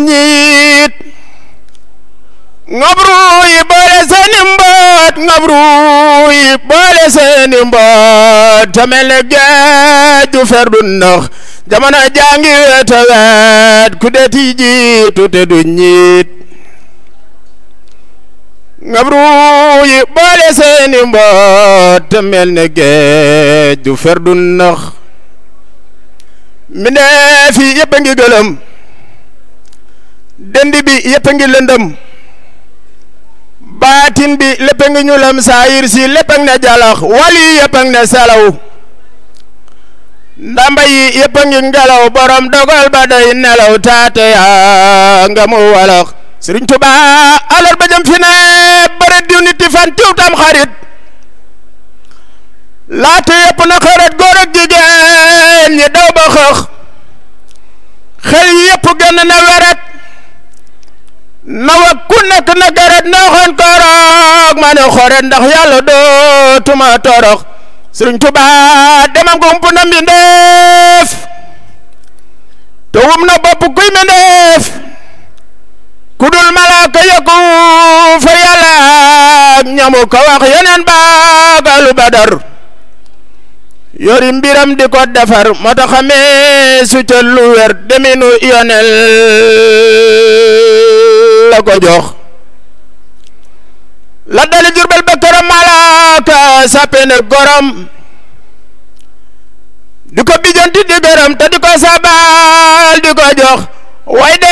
njiit ngab ruuy seeni mboot ngab ne géej ju fer du ndox jamono jàngi weta wet ku deti jiitu te du njiit ngab ruuy seeni mboot te ne géej ju fer du ndox mbindeef yi yëpp a ngi gëlëm dënd bi yëpp ngi lëndëm baatin bi lépp ngi ñuulam saayir si lépp ngi ne jalax wali yi yëpp ngi salaw ndamba yi yëpp ngi ngelaw borom dogal ba day nelaw taate yaa nga mu walax sëriñ Tuba alal ba jëm fi ne bëre diw nit fan tiw tam xarit laata yëpp na xarit góor ak jigéen ñi daw ba xëx xel yi yëpp gën na weret ma wa na geret nooxoon kooroog ma ne ndax yàlla dootuma torox sëriñ Tuubaa demam ko ump na mbindeef te wum na bopp kuy mbindeef ku dul malaaka yëkku fa yàlla ñamu ko wax yeneen baagalu badar yori mbiram di ko defar moo tax xamee su lu wér deminu yonel la ko jox la dali jurbel ba këram malaaka sappe gorom di ko bijanti di gërëm te sabal di way de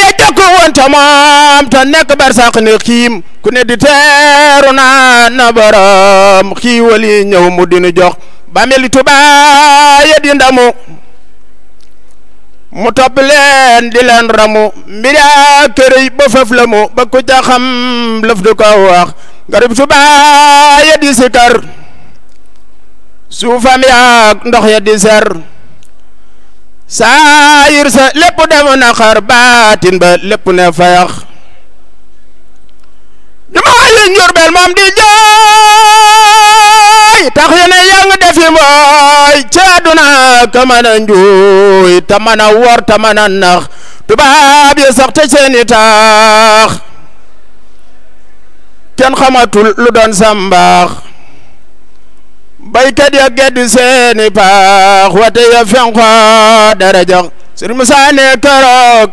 ya jokk woon te moom te ne xiim ku ne di teeru na borom xiiwal yi ñëw mu dinu jox ba meli tuba ya di mu topp leen di leen ramu mbira kërëy ba faf la ba ku ca xam lëf du ko wax garib su baa ya di sikar suufam yaag ndox ya di ser saayir sa lépp demu na xar baatin ba lépp ne fayax Njurbel moom di jooy tax yene yang defi mooy ci àdduna ka mën njuuy te mën wor te mën nax tubaab yi sax te seeni taax kenn xamatul lu doon sambaax baykat ya geddu seeni paax wate ya fenqo dara jax sëriñ Musaa ne keroog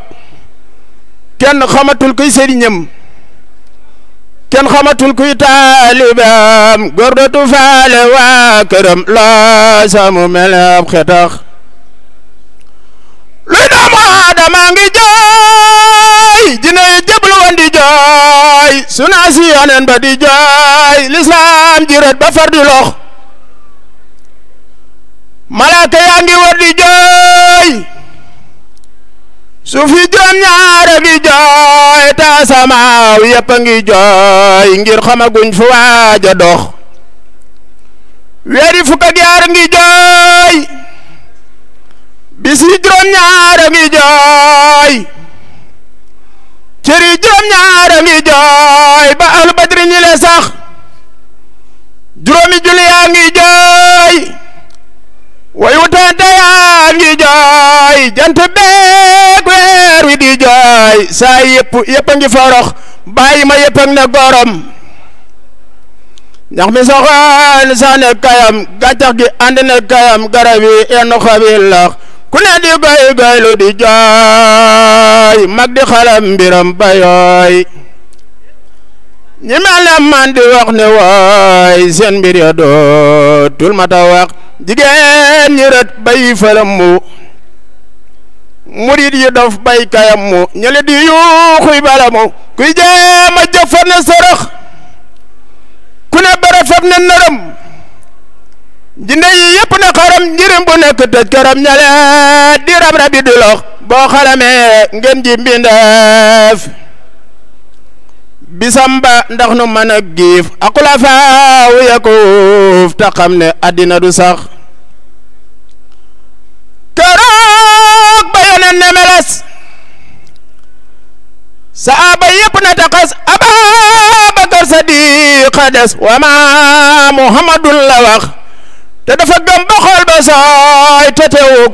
kenn xamatul kuy sëriñam kenn xamatul kuy taalibaam góor dootu faale waa këram laa samu mel ab xetax luy doomu aadama ngi jooy dina yi jëblu woon di jooy sunaa si yoneen ba di jooy lislaam jiret ba far di lox malaaka yaa ngi war di jooy suufi juróom ñaara ngi jooy ta samaaw yëpp ngi jooy ngir xamaguñ fu waaja dox weeri fukk ak yaar ngi jooy bis juróom-ñaar ngi jooy cër juróom-ñaar ngi jooy ba ahlu badri ñi sax juróomi julli ngi jooy way wutaante yaa ngi jooy jant beek wi di jooy saa yëpp yëpp a ngi ma yëpp ak ne gorom ñax mi soxoon saane kayam gàccax gi ànd na kayam garab yi yenn xob ku ne di goy goylu di jooy mag di xalam mbiram ba ñi mel ne man di wax ne wooy seen mbir ya dootul mata wax jigéen ñi rët bayi falam mu murid yi dof baykayam mu ñële di yuuxuy balamu kuy jéem a jëf fab ne sarax ku ne bara fab ne naram jinde yi yëpp na xaram njërim bu nekk tëj karam ñale di rab rabi du boo xaramee ngeen ji mbindeef bisamba ndax nu mën a giif akula faaw yakuuf te xam ne addina du sax ba yonen ne meles saaba yépp na taxas ababakar sadiqa des wa ma muhammadun la te dafa gëm ba ba sooy te teewu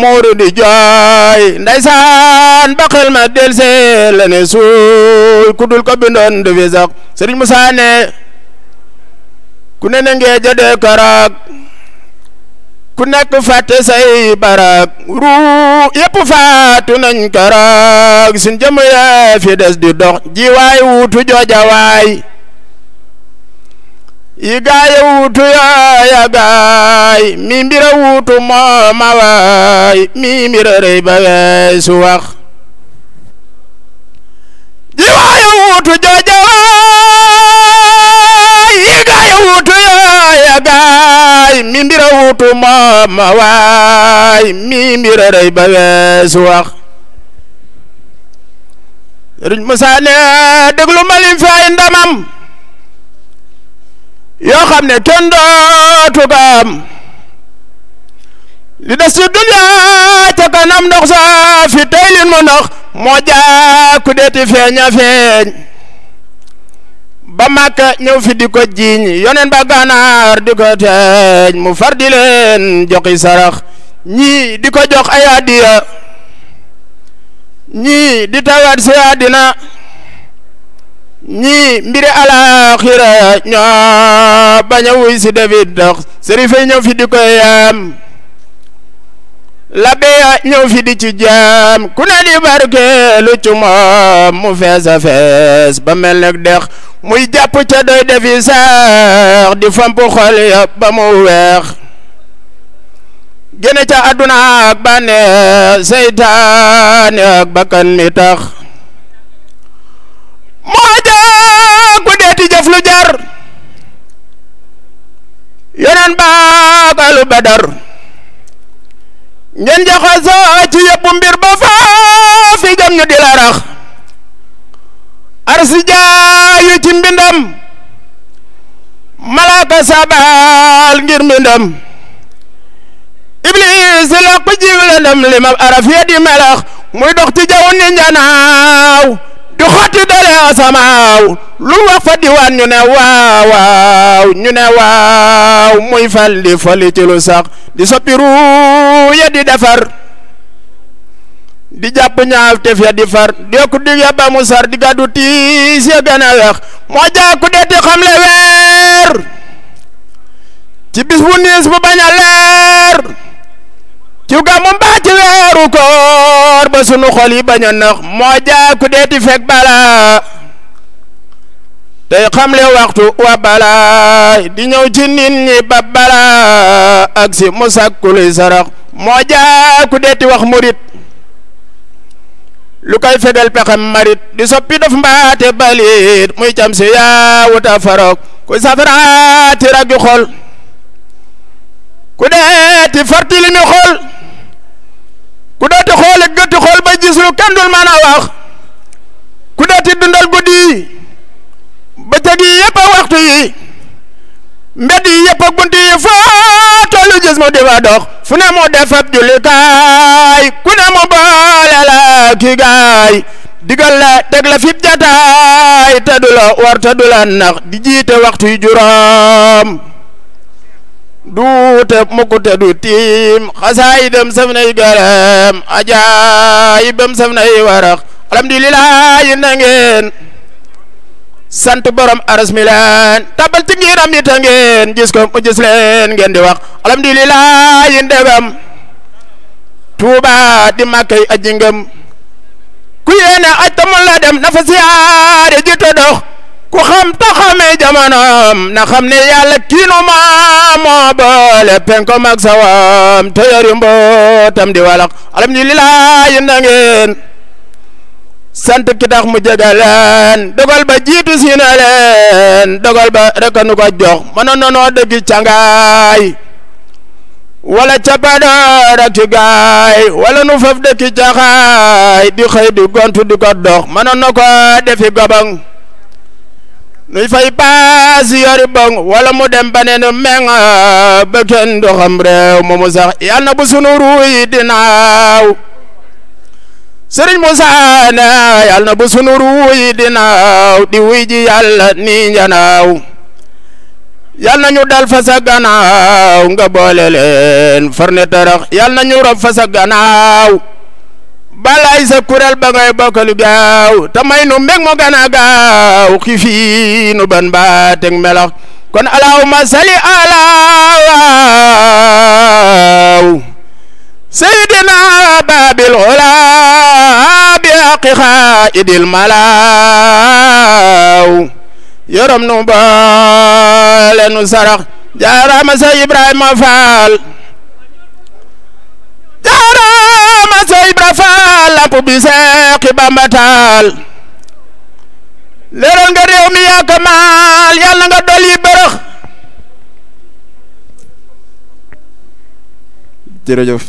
muuru di jooy ndaysaan ba xel ma del see ne suul ku dul ko bindoon du fi sax sëriñ ne ne na ngee jëdee koroog ku nekk fàtte say barak ruu yëpp faatu nañ karaag suñ yee fi des di dox ji wuutu jooja waay yi gaaya wuutu yooya gaay mi mbira wuutu mooma waay mi mbira rëy ba weesu wax ji wuutu jooja ya gaay mi mbira wutu moom waay mi mbira rëy ba weesu wax sëriñ Musaa ne déglu ma lim fi ay yoo xam ne kenn dootu ko am li des ci duniyaa ca kanam ndox saa fi tey mu ndox moo jaaku deeti feeña feeñ ba Màkka ñëw fi di ko jiiñ yonen ba gànnaar di ko teeñ mu far di joxi sarax ñii di ko jox ay addiya ñii di tawaat si àddina ñii mbiri alaaxira ñoo bañ wuy si David dox sëriñ fay fi di ko labe ya ñëw fi di ci jaam ku ne di barkeelu ci moom mu fees fees ba mel ne dex muy jàpp ca doy defi saax di famp xol ya ba mu weex génne ca àdduna ak bànneex seytaane ak bakkan mi tax moo jaa ku deeti jëf lu jar yonen baakalu badar ngeen jaxasoo ci yëpp mbir ba faa fi jam ñu di la rax arsi jaayu ci mbindam malaaka sabal ngir mbindam iblis la ko jiw la ndam li ma araf di melax muy dox ci jaw ni njanaaw samaaw lu wax fa diwaan ñu ne waaw waaw ñu ne waaw muy fal di fali ci lu sax di soppiru ya di defar di jàpp ñaaw tef ya di far di yokku dig ya mu sar di gàddu tiis ya gën a weex moo jàkku deeti xam le weer ci bis bu niis bu bañ leer ci gàmmu mbaa ci weeru koor ba sunu xol yi bañ nax moo jaaku deeti fekk balaa tey xamle waxtu wa balaa di ñëw ci nit ñi ba balaa ak si mu sàkkuluy sarax moo jaaku deeti wax murit lu koy fegal pexem marit di soppi daf mbaate balit muy cam si yaawuta farok ku safaraati raggi xol ku deeti farti xol ku dooti xoole gëti gis lu kenn dul mën a wax ku dooti dundal guddi yi bëccëg yi yëpp waxtu yi mbedd yi yëpp a yi foo tollu gis mu di fa dox fu ne mu def ab jullikaay ku ne mu boole la ki gaay digal la teg la fib jataay te du war te du la nax di jiite waxtu yi juróom duute mukkute du tiim yi saf nay garam ajaayibam saf nay warax alhamdulilahi na ngeen sant borom aras mi leen tabal ci ngiram yi ta ngeen gis ko mu gis leen ngeen di wax alhamdulilahi ndegam tuuba di makkay aji ku yéene aj tamul la dem nafa siyaare ji to ku xam ta xamee jamonoom na xam ne yàlla kiinu maam moo boole penkom ak sawam te yori mbootam di walak alhamdulilah yéen da ngeen sant ki mu jege leen dogal ba jiitu si na ba rek nu ko jox mënoon na noo dëgg cangaay wala cappaandaw ak ci gaay wala nu faf dëkk caxaay di xëy di gontu di ko dox mënoon na ko defi gabang nuy fay paas yori bong wala mu dem bane ne nu meŋ ba kenn du xam réew yal na bu sunu ruuy dinaaw sëriñ Moussa ne yal na bu sunu dinaaw di wuy ji yàlla nii njanaaw yal na ñu dal fa nga boole leen far ne yal na ñu rob fa balaay sa kuréel ba ngay bokkalu gaaw te nu mbég mu gën gaaw xifi nu ban ba teg kon allahumma sali alaaw sayyidina babil xulaa bi aqi xaidil malaaw yorom nu boole nu sarax jaaraama ibrahima faal làqu bi seexi Bamba taal leeral nga réew mi yaa ko maal yàlla nga dolli bërëx jërëjëf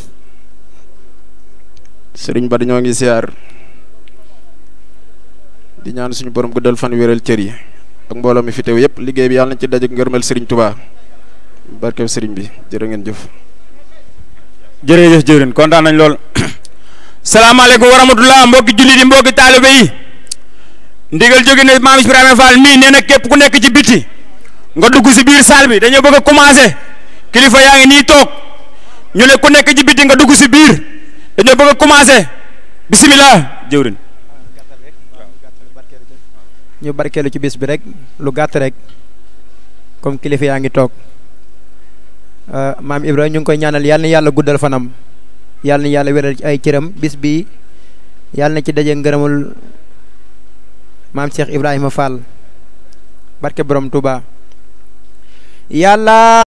sëriñ ba dañoo ngi siyaar di ñaan suñu borom guddal fan wéral cër yi ak mbooloo mi fi teew yëpp liggéey bi yàlla nañ ci daje ngërmel sëriñ Touba barkew sëriñ bi jërë ngeen jëf jërëjëf jërin kontaan nañ lool salaamaaleykum wa rahmatullah mbokki jullit yi mbokki taalibe yi ndigal jóge ne maam Ibrahima Fall mii nee na képp ku nekk ci bitti nga dugg si biir salle bi dañoo bëgg a commencé kilifa yaa ngi ni toog ñu ne ku nekk ci bitti nga dugg si biir dañoo bëgg a commencé bisimilah jëwrin ñu barkeelu ci bis bi rek lu gàtt rek comme kilifa yaa ngi toog euh, maam Ibrahima ñu ngi koy ñaanal yàlla na yàlla guddal fanam. yàlla na yàlla wéral ay cëram bis bi yàlla na ci daje ngërëmul maam Cheikh Ibrahima Fall barke borom Touba yàlla